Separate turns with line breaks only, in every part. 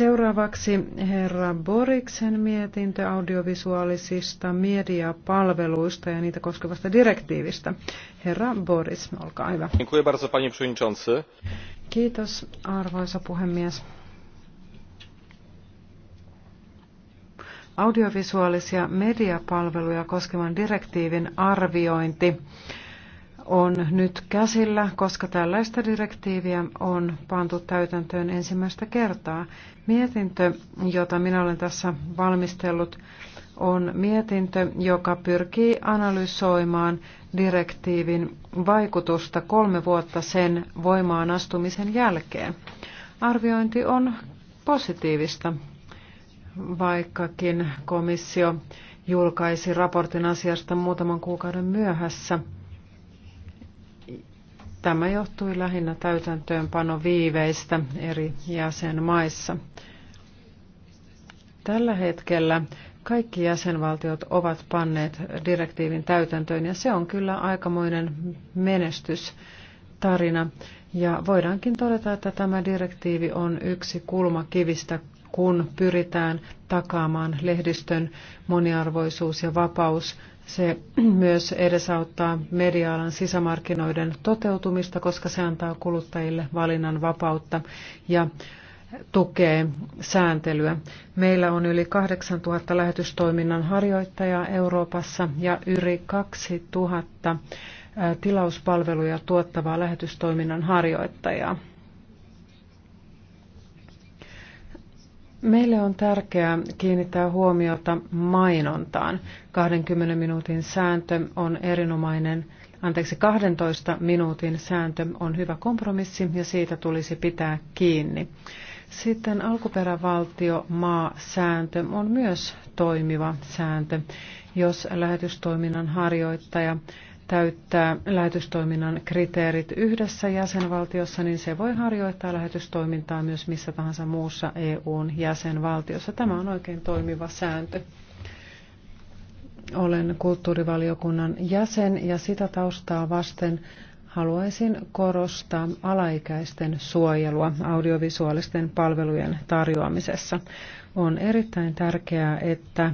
Seuraavaksi herra Boriksen mietintö audiovisuaalisista mediapalveluista ja niitä koskevasta direktiivistä. Herra Boris, olkaa hyvä. Kiitos, arvoisa puhemies. Audiovisuaalisia mediapalveluja koskevan direktiivin arviointi on nyt käsillä, koska tällaista direktiiviä on pantu täytäntöön ensimmäistä kertaa. Mietintö, jota minä olen tässä valmistellut, on mietintö, joka pyrkii analysoimaan direktiivin vaikutusta kolme vuotta sen voimaan astumisen jälkeen. Arviointi on positiivista, vaikkakin komissio julkaisi raportin asiasta muutaman kuukauden myöhässä – Tämä johtui lähinnä täytäntöönpano viiveistä eri jäsenmaissa. Tällä hetkellä kaikki jäsenvaltiot ovat panneet direktiivin täytäntöön ja se on kyllä aikamoinen menestystarina. Ja voidaankin todeta, että tämä direktiivi on yksi kulmakivistä, kun pyritään takaamaan lehdistön moniarvoisuus ja vapaus se myös edesauttaa media-alan sisämarkkinoiden toteutumista, koska se antaa kuluttajille valinnan vapautta ja tukee sääntelyä. Meillä on yli 8000 lähetystoiminnan harjoittajaa Euroopassa ja yli 2000 tilauspalveluja tuottavaa lähetystoiminnan harjoittajaa. Meille on tärkeää kiinnittää huomiota mainontaan. 20 minuutin sääntö on erinomainen, anteeksi 12 minuutin sääntö on hyvä kompromissi ja siitä tulisi pitää kiinni. Sitten alkuperävaltio maa sääntö on myös toimiva sääntö, jos lähetystoiminnan harjoittaja täyttää lähetystoiminnan kriteerit yhdessä jäsenvaltiossa, niin se voi harjoittaa lähetystoimintaa myös missä tahansa muussa EUn jäsenvaltiossa. Tämä on oikein toimiva sääntö. Olen kulttuurivaliokunnan jäsen ja sitä taustaa vasten haluaisin korostaa alaikäisten suojelua audiovisuaalisten palvelujen tarjoamisessa. On erittäin tärkeää, että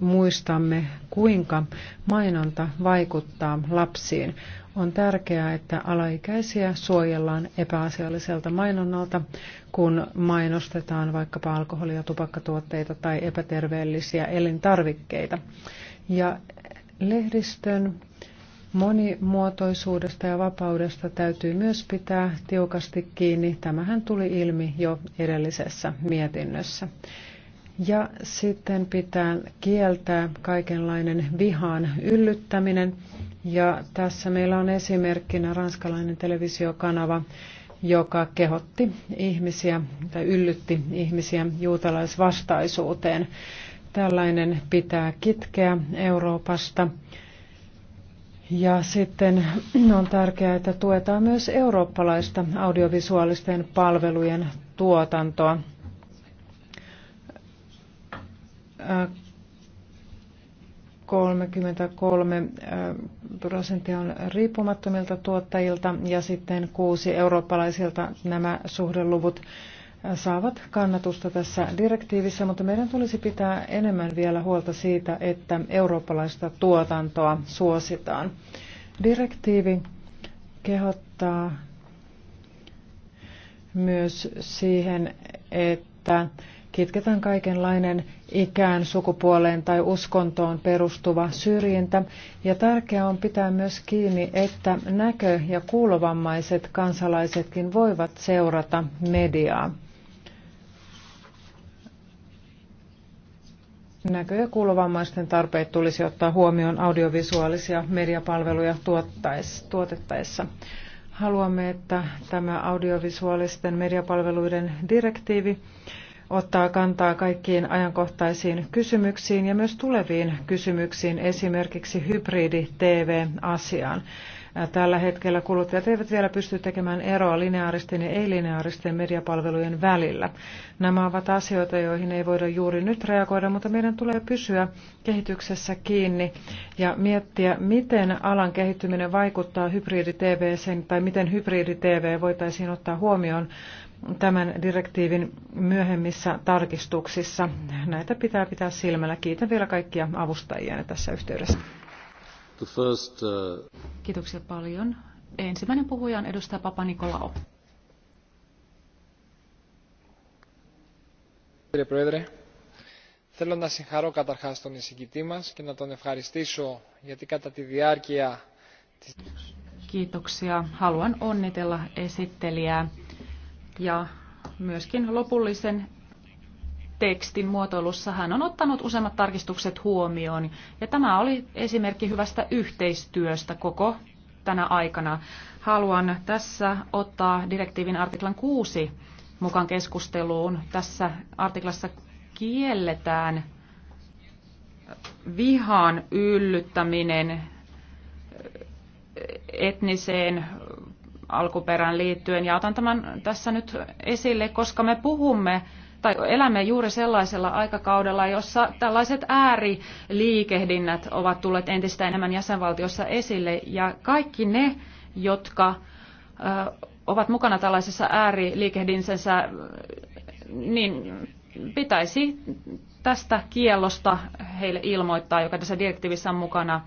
muistamme, kuinka mainonta vaikuttaa lapsiin. On tärkeää, että alaikäisiä suojellaan epäasialliselta mainonnalta, kun mainostetaan vaikkapa alkoholia, tupakkatuotteita tai epäterveellisiä elintarvikkeita. Ja lehdistön monimuotoisuudesta ja vapaudesta täytyy myös pitää tiukasti kiinni. Tämähän tuli ilmi jo edellisessä mietinnössä. Ja sitten pitää kieltää kaikenlainen vihaan yllyttäminen. Ja tässä meillä on esimerkkinä ranskalainen televisiokanava, joka kehotti ihmisiä tai yllytti ihmisiä juutalaisvastaisuuteen. Tällainen pitää kitkeä Euroopasta. Ja sitten on tärkeää, että tuetaan myös eurooppalaista audiovisuaalisten palvelujen tuotantoa. 33 äh, prosenttia on riippumattomilta tuottajilta ja sitten kuusi eurooppalaisilta nämä suhdeluvut äh, saavat kannatusta tässä direktiivissä, mutta meidän tulisi pitää enemmän vielä huolta siitä, että eurooppalaista tuotantoa suositaan. Direktiivi kehottaa myös siihen, että kitketään kaikenlainen ikään, sukupuoleen tai uskontoon perustuva syrjintä. Ja tärkeää on pitää myös kiinni, että näkö- ja kuulovammaiset kansalaisetkin voivat seurata mediaa. Näkö- ja kuulovammaisten tarpeet tulisi ottaa huomioon audiovisuaalisia mediapalveluja tuotettaessa. Haluamme, että tämä audiovisuaalisten mediapalveluiden direktiivi ottaa kantaa kaikkiin ajankohtaisiin kysymyksiin ja myös tuleviin kysymyksiin, esimerkiksi hybridi-TV-asiaan. Tällä hetkellä kuluttajat eivät vielä pysty tekemään eroa lineaaristen ja ei-lineaaristen mediapalvelujen välillä. Nämä ovat asioita, joihin ei voida juuri nyt reagoida, mutta meidän tulee pysyä kehityksessä kiinni ja miettiä, miten alan kehittyminen vaikuttaa hybridi-TV tai miten hybridi-TV voitaisiin ottaa huomioon tämän direktiivin myöhemmissä tarkistuksissa. Näitä pitää pitää silmällä. Kiitän vielä kaikkia avustajia tässä yhteydessä.
The first, uh... Kiitoksia paljon. Ensimmäinen puhuja on edustaja Papa Nikolao.
Κύριε Πρόεδρε, θέλω να συγχαρώ καταρχάς τον εισηγητή μας και να τον ευχαριστήσω γιατί κατά τη διάρκεια της...
Κοίτοξια. Haluan onnitella esittelijää ja myöskin lopullisen tekstin muotoilussa hän on ottanut useimmat tarkistukset huomioon. Ja tämä oli esimerkki hyvästä yhteistyöstä koko tänä aikana. Haluan tässä ottaa direktiivin artiklan 6 mukaan keskusteluun. Tässä artiklassa kielletään vihan yllyttäminen etniseen alkuperään liittyen. Ja otan tämän tässä nyt esille, koska me puhumme tai elämme juuri sellaisella aikakaudella, jossa tällaiset ääriliikehdinnät ovat tulleet entistä enemmän jäsenvaltiossa esille ja kaikki ne, jotka ovat mukana tällaisessa ääriliikehdinsensä, niin pitäisi tästä kiellosta heille ilmoittaa, joka tässä direktiivissä on mukana.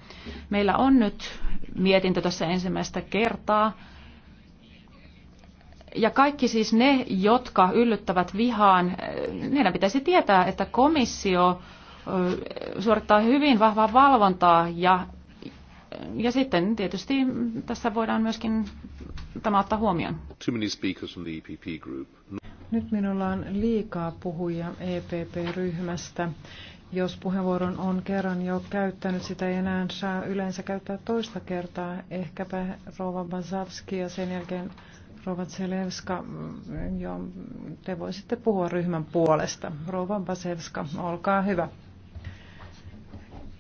Meillä on nyt mietintö tässä ensimmäistä kertaa ja kaikki siis ne, jotka yllyttävät vihaan, heidän eh, pitäisi tietää, että komissio eh, suorittaa hyvin vahvaa valvontaa ja, ja sitten tietysti tässä voidaan myöskin tämä ottaa huomioon. E Nyt minulla on liikaa
puhujia EPP-ryhmästä. Jos puheenvuoron on kerran jo käyttänyt, sitä ei enää saa yleensä käyttää toista kertaa. Ehkäpä Rova Bazavski ja sen jälkeen Rouva Selevska, mm, jo, te voisitte puhua ryhmän puolesta. Rouva Basevska, olkaa hyvä.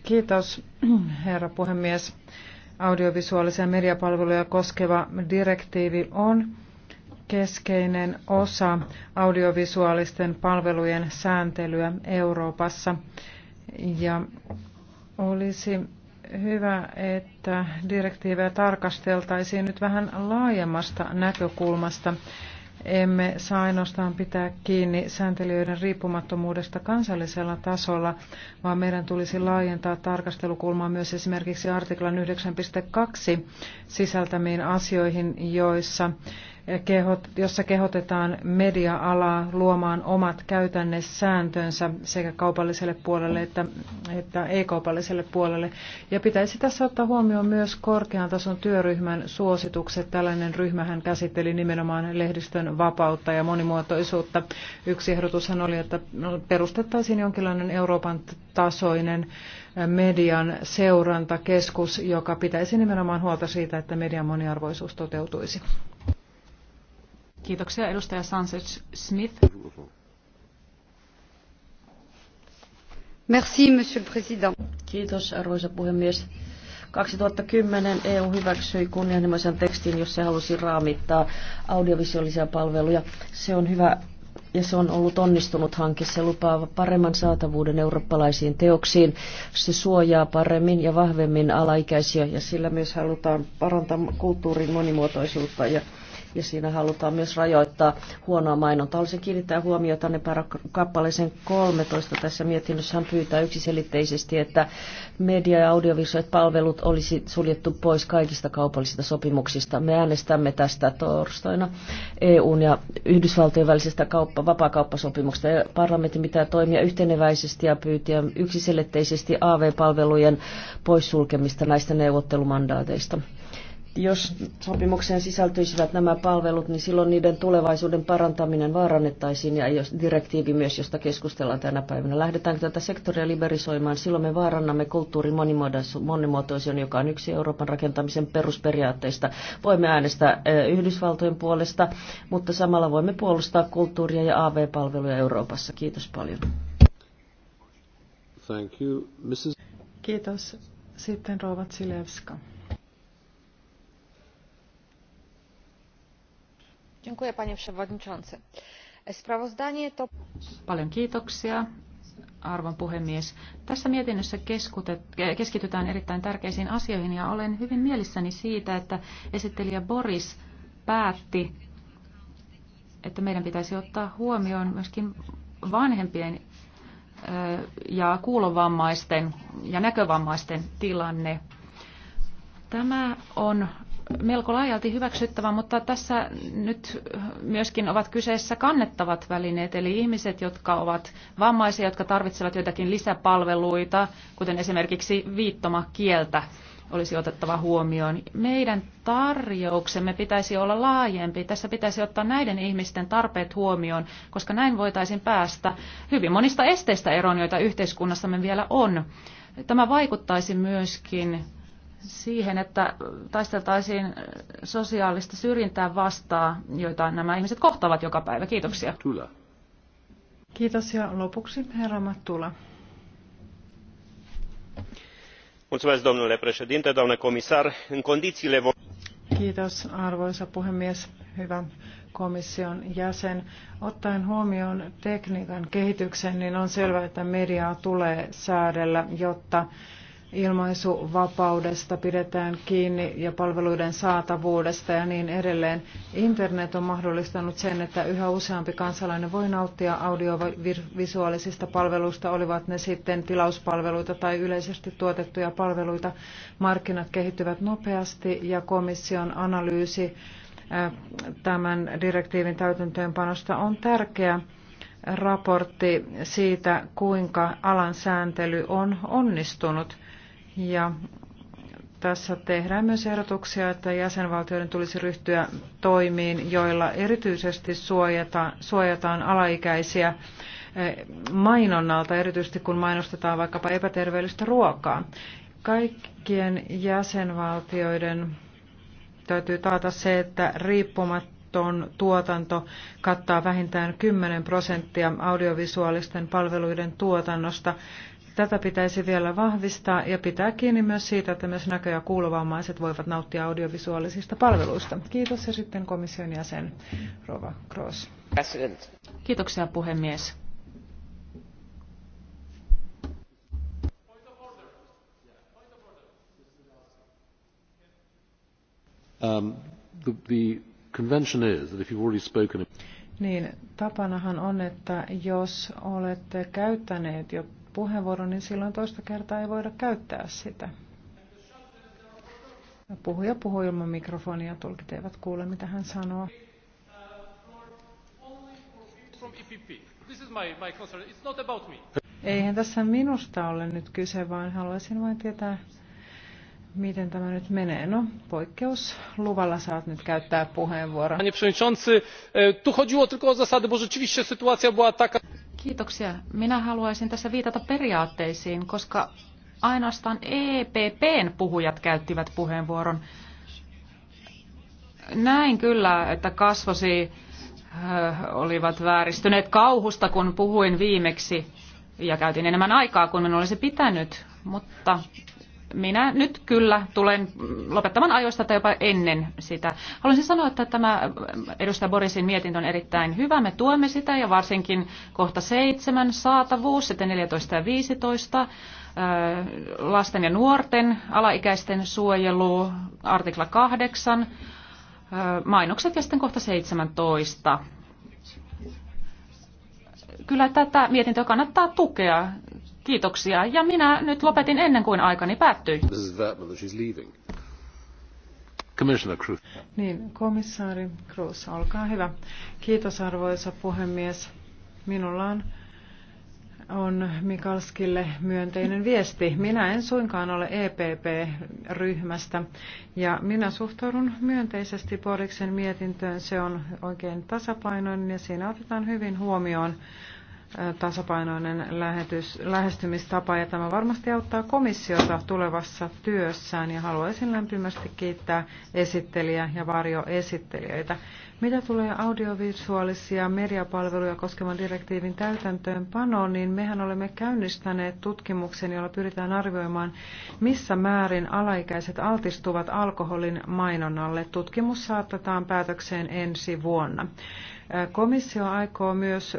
Kiitos, herra puhemies. Audiovisuaalisia mediapalveluja koskeva direktiivi on keskeinen osa audiovisuaalisten palvelujen sääntelyä Euroopassa. Ja olisi hyvä, että direktiivejä tarkasteltaisiin nyt vähän laajemmasta näkökulmasta. Emme saa ainoastaan pitää kiinni sääntelijöiden riippumattomuudesta kansallisella tasolla, vaan meidän tulisi laajentaa tarkastelukulmaa myös esimerkiksi artiklan 9.2 sisältämiin asioihin, joissa jossa kehotetaan media-alaa luomaan omat käytännesääntönsä sekä kaupalliselle puolelle että, että ei-kaupalliselle puolelle. Ja pitäisi tässä ottaa huomioon myös korkean tason työryhmän suositukset. Tällainen ryhmähän käsitteli nimenomaan lehdistön vapautta ja monimuotoisuutta. Yksi ehdotushan oli, että perustettaisiin jonkinlainen Euroopan tasoinen median seurantakeskus, joka pitäisi nimenomaan huolta siitä, että median moniarvoisuus toteutuisi.
Kiitoksia edustaja Sanchez Smith.
Merci, monsieur le président. Kiitos arvoisa puhemies. 2010 EU hyväksyi kunnianhimoisen tekstin, jossa se halusi raamittaa audiovisuaalisia palveluja. Se on hyvä ja se on ollut onnistunut hanke. Se lupaa paremman saatavuuden eurooppalaisiin teoksiin. Se suojaa paremmin ja vahvemmin alaikäisiä ja sillä myös halutaan parantaa kulttuurin monimuotoisuutta ja ja siinä halutaan myös rajoittaa huonoa mainontaa. Olisin kiinnittää huomiota ne kappaleeseen 13. Tässä mietinnössä hän pyytää yksiselitteisesti, että media- ja audiovisuaaliset palvelut olisi suljettu pois kaikista kaupallisista sopimuksista. Me äänestämme tästä torstaina EUn ja Yhdysvaltojen välisestä kauppa, vapaakauppasopimuksesta. Parlamentti pitää toimia yhteneväisesti ja pyytää yksiselitteisesti AV-palvelujen poissulkemista näistä neuvottelumandaateista. Jos sopimukseen sisältyisivät nämä palvelut, niin silloin niiden tulevaisuuden parantaminen vaarannettaisiin ja jos direktiivi myös, josta keskustellaan tänä päivänä. Lähdetäänkö tätä sektoria liberisoimaan, silloin me vaarannamme kulttuurin monimuotoisuuden, joka on yksi Euroopan rakentamisen perusperiaatteista. Voimme äänestää Yhdysvaltojen puolesta, mutta samalla voimme puolustaa kulttuuria ja AV-palveluja Euroopassa. Kiitos paljon. Thank you. Mrs.
Kiitos. Sitten Rovat Silevska.
panie przewodniczący! sprawozdanie to.
paljon kiitoksia arvon puhemies. Tässä mietinnössä keskitytään erittäin tärkeisiin asioihin ja olen hyvin mielissäni siitä, että esittelijä Boris päätti, että meidän pitäisi ottaa huomioon myöskin vanhempien ja kuulovammaisten ja näkövammaisten tilanne. Tämä on melko laajalti hyväksyttävä, mutta tässä nyt myöskin ovat kyseessä kannettavat välineet, eli ihmiset, jotka ovat vammaisia, jotka tarvitsevat joitakin lisäpalveluita, kuten esimerkiksi viittomakieltä olisi otettava huomioon. Meidän tarjouksemme pitäisi olla laajempi. Tässä pitäisi ottaa näiden ihmisten tarpeet huomioon, koska näin voitaisiin päästä hyvin monista esteistä eroon, joita yhteiskunnassamme vielä on. Tämä vaikuttaisi myöskin siihen, että taisteltaisiin sosiaalista syrjintää vastaan, joita nämä ihmiset kohtaavat joka päivä. Kiitoksia. Kyllä.
Kiitos ja lopuksi herra Mattula.
Mulțumesc, domnule președinte, doamnă comisar. În condițiile...
Kiitos, arvoisa puhemies. Hyvä komission jäsen. Ottaen huomioon tekniikan kehityksen, niin on selvää, että mediaa tulee säädellä, jotta ilmaisuvapaudesta pidetään kiinni ja palveluiden saatavuudesta ja niin edelleen. Internet on mahdollistanut sen, että yhä useampi kansalainen voi nauttia audiovisuaalisista palveluista, olivat ne sitten tilauspalveluita tai yleisesti tuotettuja palveluita. Markkinat kehittyvät nopeasti ja komission analyysi äh, tämän direktiivin täytäntöönpanosta on tärkeä raportti siitä, kuinka alan sääntely on onnistunut. Ja tässä tehdään myös ehdotuksia, että jäsenvaltioiden tulisi ryhtyä toimiin, joilla erityisesti suojataan, suojataan alaikäisiä eh, mainonnalta, erityisesti kun mainostetaan vaikkapa epäterveellistä ruokaa. Kaikkien jäsenvaltioiden täytyy taata se, että riippumaton tuotanto kattaa vähintään 10 prosenttia audiovisuaalisten palveluiden tuotannosta Tätä pitäisi vielä vahvistaa ja pitää kiinni myös siitä, että myös näkö- ja kuulovammaiset voivat nauttia audiovisuaalisista palveluista. Kiitos ja sitten komission jäsen Rova Gross. President. Kiitoksia puhemies. Um, niin, tapanahan on, että jos olette käyttäneet jo puheenvuoro, niin silloin toista kertaa ei voida käyttää sitä. Puhuja puhuu ilman mikrofonia, tulkit eivät kuule, mitä hän sanoo.
E
Eihän tässä minusta ole nyt kyse, vaan haluaisin vain tietää, miten tämä nyt menee. No, poikkeusluvalla saat nyt käyttää
puheenvuoron. Panie przewodniczący, e, tu chodziło tylko o zasady, bo rzeczywiście sytuacja była taka... Kiitoksia. Minä haluaisin tässä viitata periaatteisiin, koska ainoastaan EPPn puhujat käyttivät puheenvuoron. Näin kyllä, että kasvosi äh, olivat vääristyneet kauhusta, kun puhuin viimeksi ja käytin enemmän aikaa kuin minun olisi pitänyt, mutta minä nyt kyllä tulen lopettamaan ajoista tai jopa ennen sitä. Haluaisin sanoa, että tämä edustaja Borisin mietintö on erittäin hyvä. Me tuemme sitä ja varsinkin kohta seitsemän saatavuus, sitten 14 ja 15, lasten ja nuorten alaikäisten suojelu, artikla 8, mainokset ja sitten kohta 17 kyllä tätä mietintöä kannattaa tukea. Kiitoksia. Ja minä nyt lopetin ennen kuin aikani päättyi. Commissioner Cruz.
Niin, komissaari Cruz, olkaa hyvä. Kiitos arvoisa puhemies. Minulla on on Mikalskille myönteinen viesti. Minä en suinkaan ole EPP-ryhmästä ja minä suhtaudun myönteisesti Boriksen mietintöön. Se on oikein tasapainoinen ja siinä otetaan hyvin huomioon tasapainoinen lähetys, lähestymistapa ja tämä varmasti auttaa komissiota tulevassa työssään ja haluaisin lämpimästi kiittää esittelijä ja varjoesittelijöitä. Mitä tulee audiovisuaalisia mediapalveluja koskevan direktiivin täytäntöönpanoon, niin mehän olemme käynnistäneet tutkimuksen, jolla pyritään arvioimaan, missä määrin alaikäiset altistuvat alkoholin mainonnalle. Tutkimus saatetaan päätökseen ensi vuonna. Komissio aikoo myös,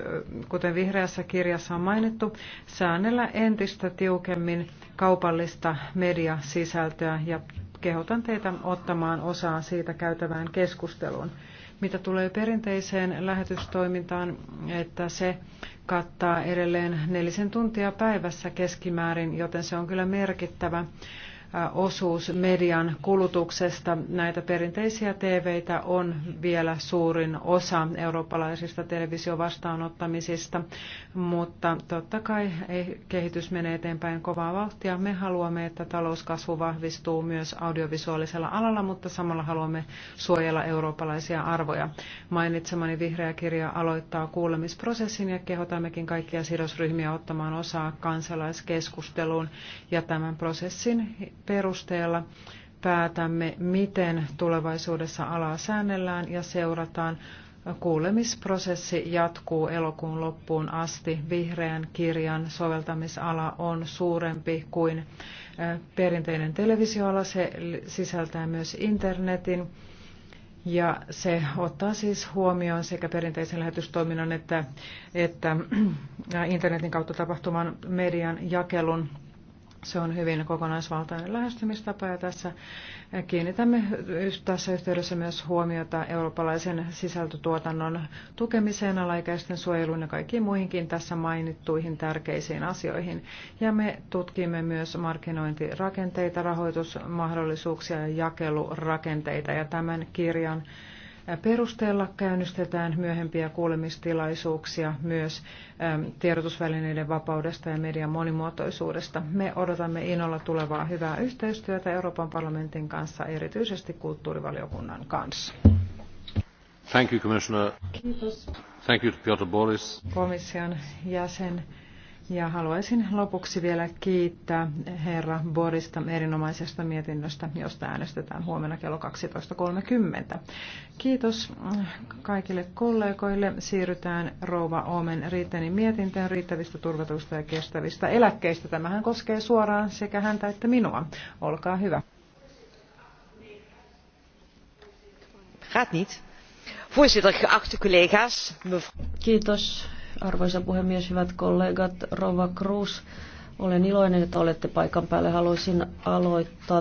kuten vihreässä kirjassa on mainittu, säännellä entistä tiukemmin kaupallista mediasisältöä ja kehotan teitä ottamaan osaa siitä käytävään keskusteluun. Mitä tulee perinteiseen lähetystoimintaan, että se kattaa edelleen nelisen tuntia päivässä keskimäärin, joten se on kyllä merkittävä osuus median kulutuksesta. Näitä perinteisiä tv on vielä suurin osa eurooppalaisista televisiovastaanottamisista, mutta totta kai kehitys menee eteenpäin kovaa vauhtia. Me haluamme, että talouskasvu vahvistuu myös audiovisuaalisella alalla, mutta samalla haluamme suojella eurooppalaisia arvoja. Mainitsemani vihreä kirja aloittaa kuulemisprosessin ja kehotammekin kaikkia sidosryhmiä ottamaan osaa kansalaiskeskusteluun ja tämän prosessin perusteella päätämme, miten tulevaisuudessa alaa säännellään ja seurataan. Kuulemisprosessi jatkuu elokuun loppuun asti. Vihreän kirjan soveltamisala on suurempi kuin eh, perinteinen televisioala. Se sisältää myös internetin. Ja se ottaa siis huomioon sekä perinteisen lähetystoiminnan että, että internetin kautta tapahtuman median jakelun se on hyvin kokonaisvaltainen lähestymistapa ja tässä kiinnitämme tässä yhteydessä myös huomiota eurooppalaisen sisältötuotannon tukemiseen, alaikäisten suojeluun ja kaikkiin muihinkin tässä mainittuihin tärkeisiin asioihin. Ja me tutkimme myös markkinointirakenteita, rahoitusmahdollisuuksia ja jakelurakenteita ja tämän kirjan perusteella käynnistetään myöhempiä kuulemistilaisuuksia myös ähm, tiedotusvälineiden vapaudesta ja median monimuotoisuudesta. Me odotamme innolla tulevaa hyvää yhteistyötä Euroopan parlamentin kanssa, erityisesti kulttuurivaliokunnan kanssa.
Thank you, Commissioner. Kiitos. Thank you, Piotr Boris.
Komission jäsen. Ja haluaisin lopuksi vielä kiittää herra Borista erinomaisesta mietinnöstä, josta äänestetään huomenna kello 12.30. Kiitos kaikille kollegoille. Siirrytään Rouva Omen Riitenin mietintöön riittävistä, turvatuista ja kestävistä eläkkeistä. Tämähän koskee suoraan sekä häntä että minua.
Olkaa hyvä. Gaat niet. Voorzitter, geachte collega's. Kiitos Arvoisa puhemies, hyvät kollegat, Rova Cruz, olen iloinen, että olette paikan päällä. Haluaisin
aloittaa